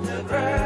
the ground.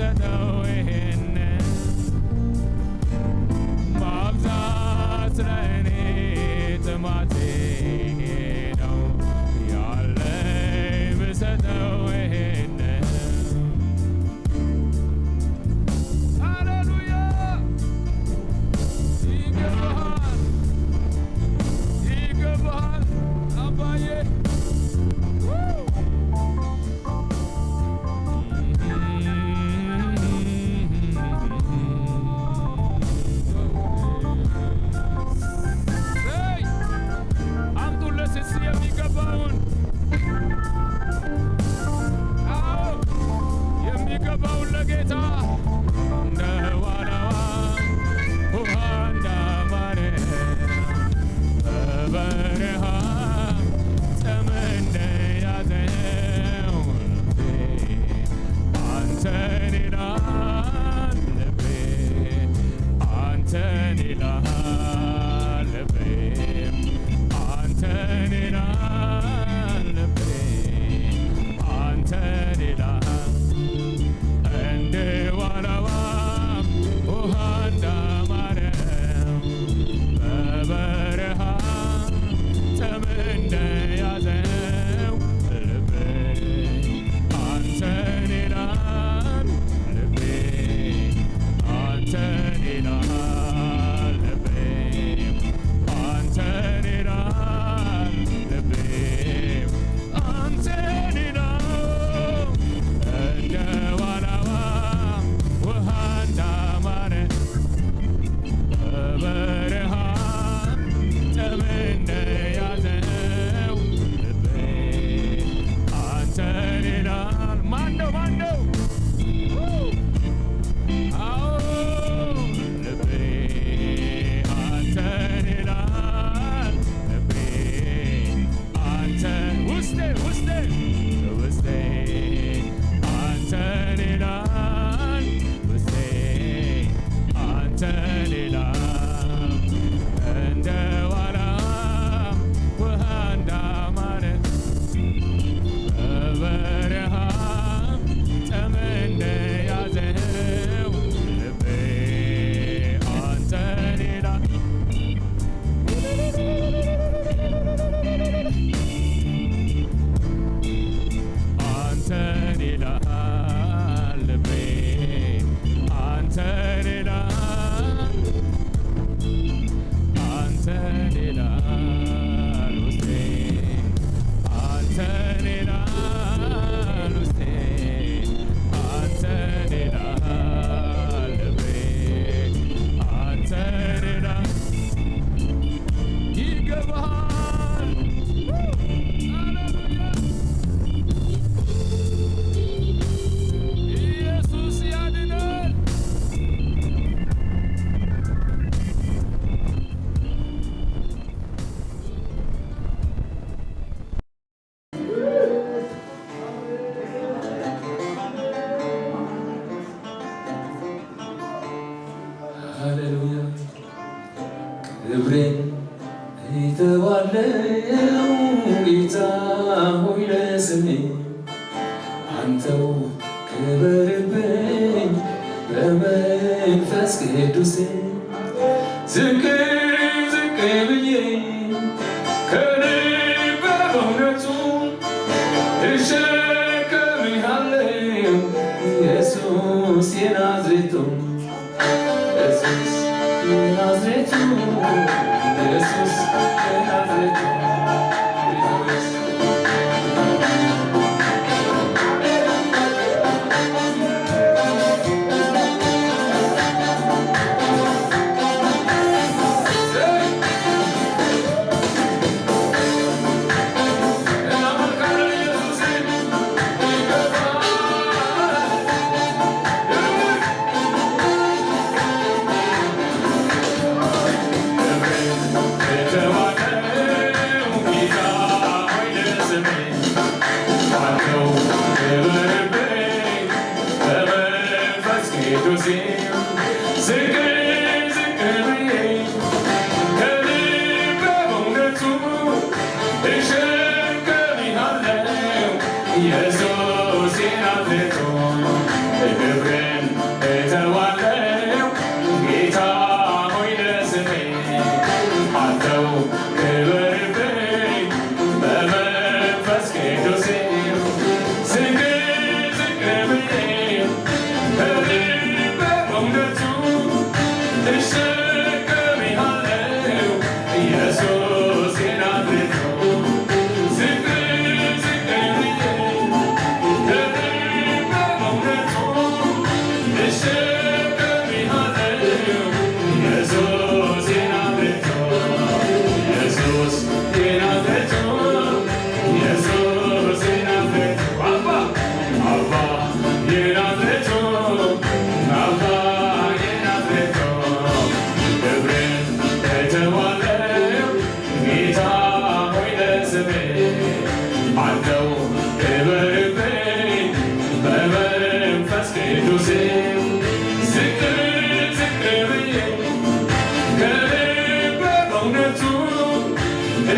said no in Varaha Ebrin, it was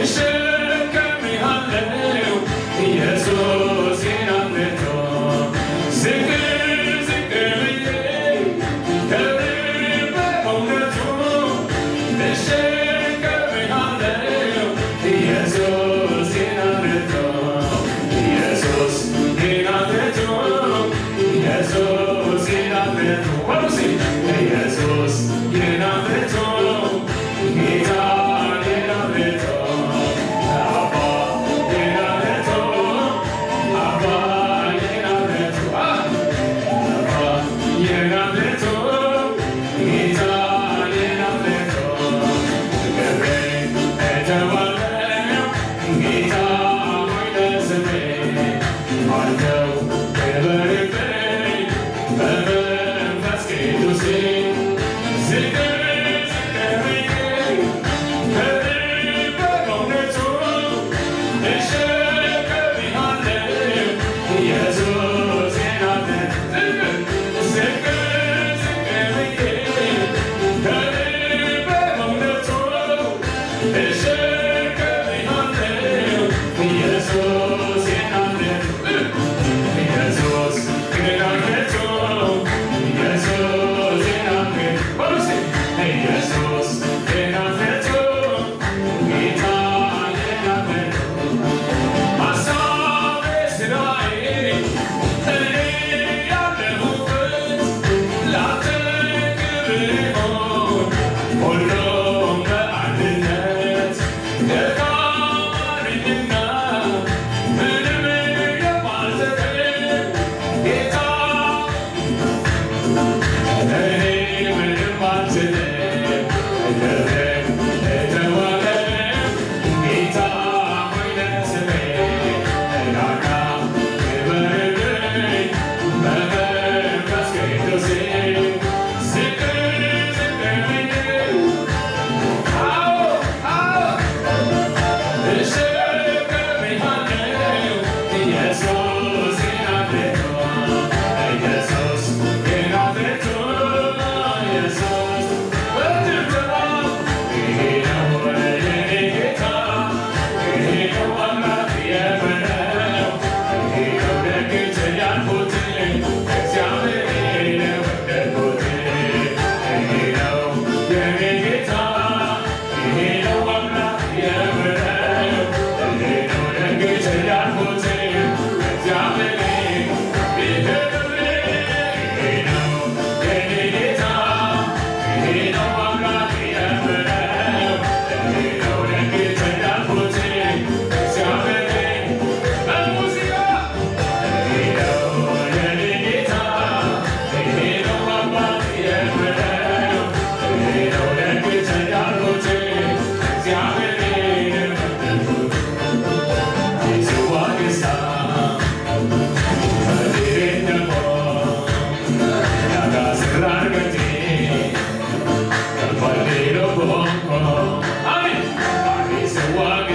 Christian. Amen.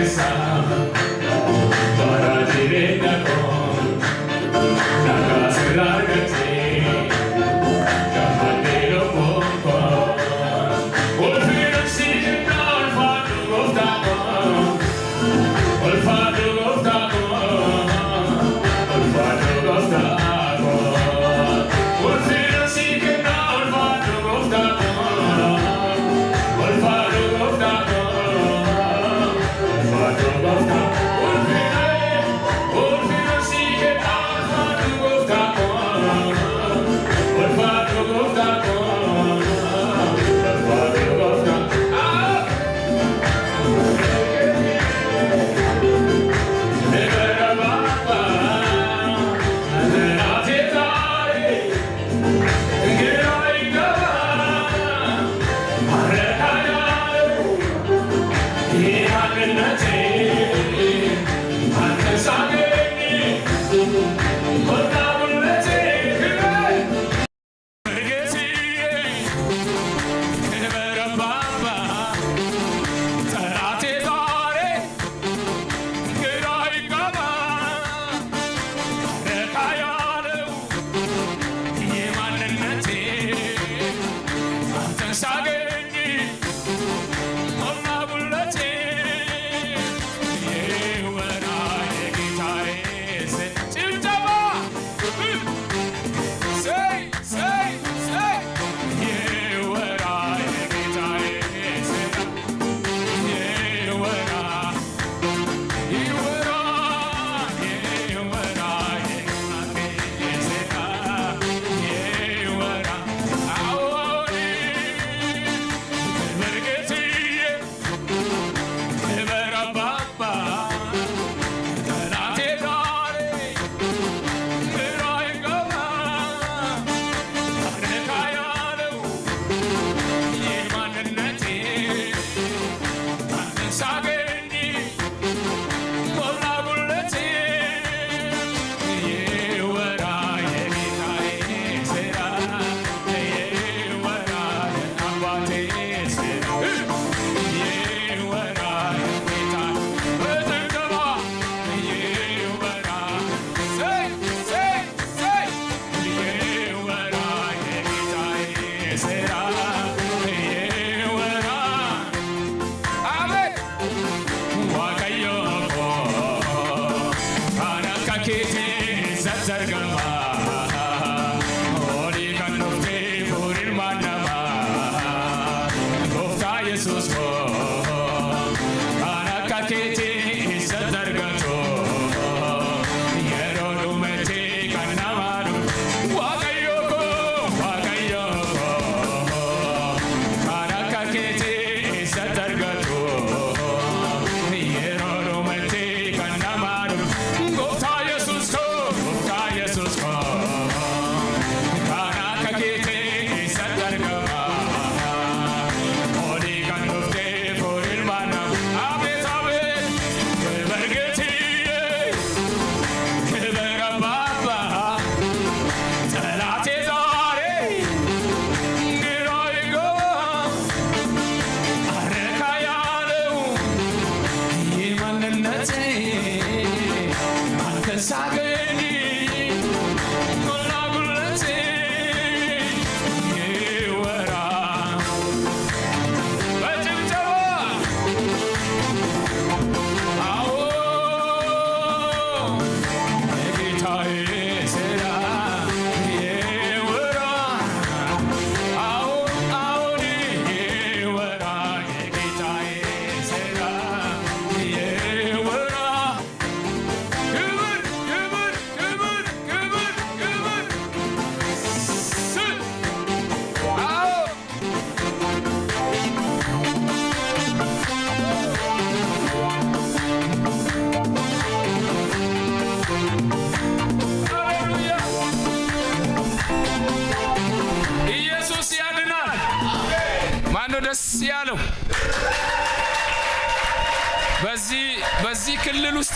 cabeza para tener la con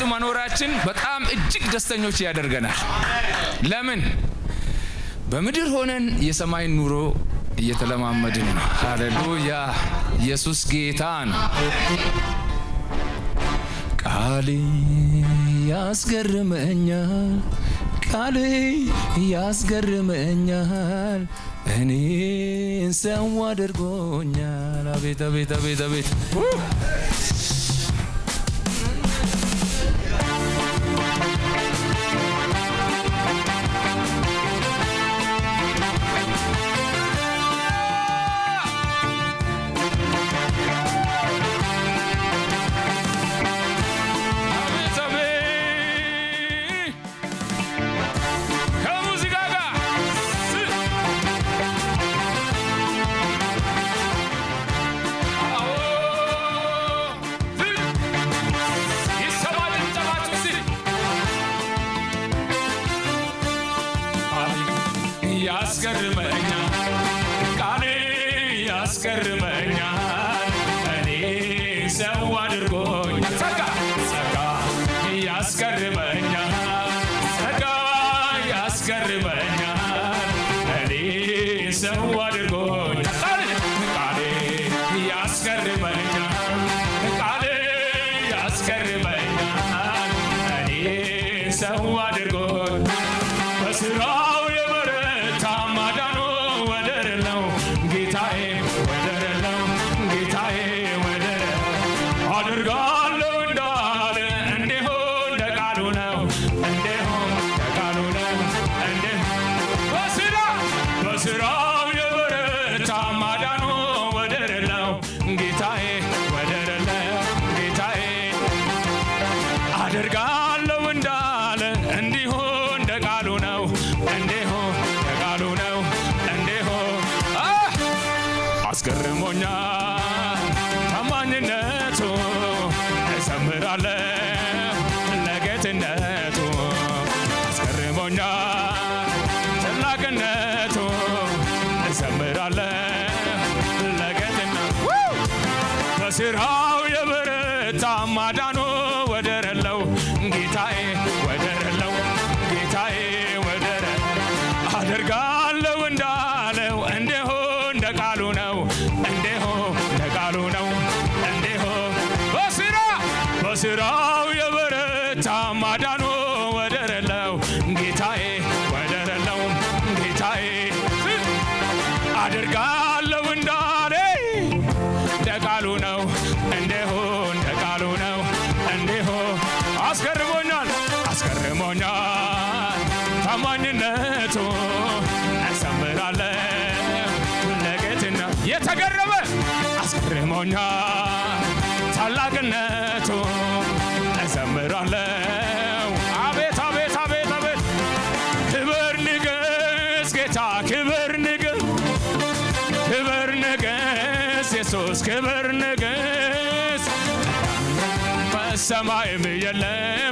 ውስጥ መኖራችን በጣም እጅግ ደስተኞች ያደርገናል። ለምን በምድር ሆነን የሰማይን ኑሮ እየተለማመድን ነው። ሃሌሉያ! ኢየሱስ ጌታ ነው። ቃሌ ያስገርመኛል፣ ቃሌ ያስገርመኛል፣ እኔን ሰው አድርጎኛል። አቤት አቤት አቤት አቤት não largou. የተገረመ አስገርሞኛል ታላቅነቱ እዘምራለው። አቤት አቤት አቤት አቤት ክብር ንገስ ጌታ ክብር ንገስ ክብር ንገስ ኢየሱስ ክብር ንገስ በሰማይም የለም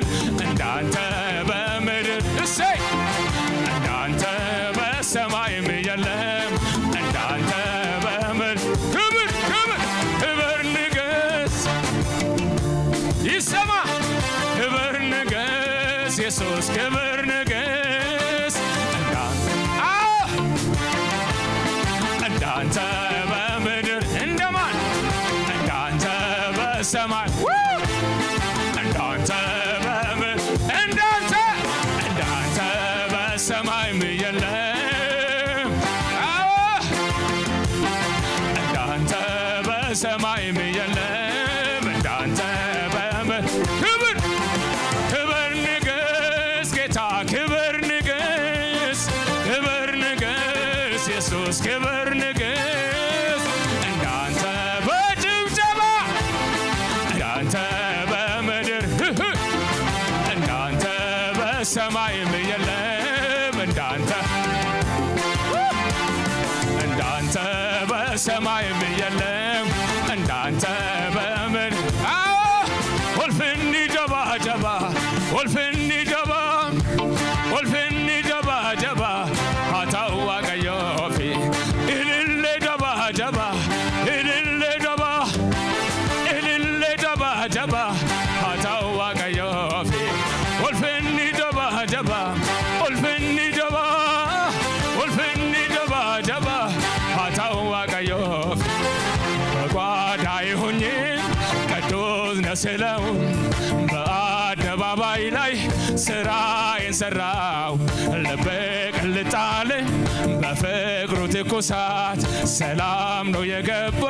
ሳት ሰላም ነው የገባ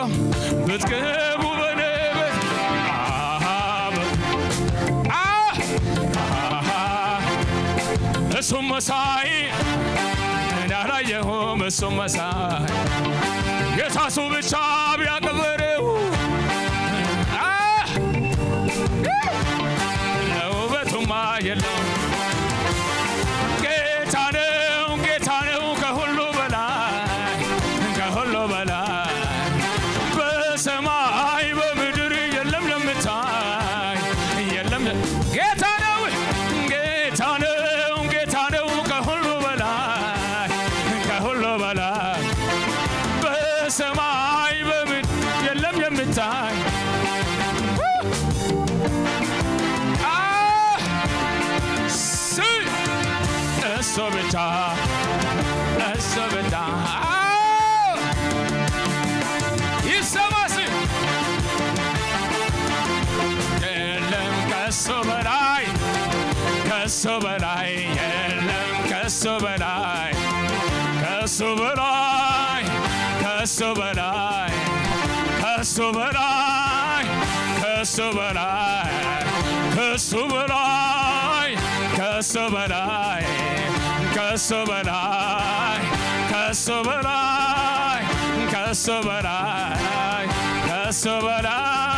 ብትገቡ በነበት እሱም መሳይ እንዳላየሁም እሱም መሳይ የሳሱ ብቻ ቢያቀበረው ለውበቱማ የለው Kasobarai, Kasobarai, Kasobarai, Kasobarai, Kasobarai, Kasobarai, Kasobarai, Kasobarai, Kasobarai.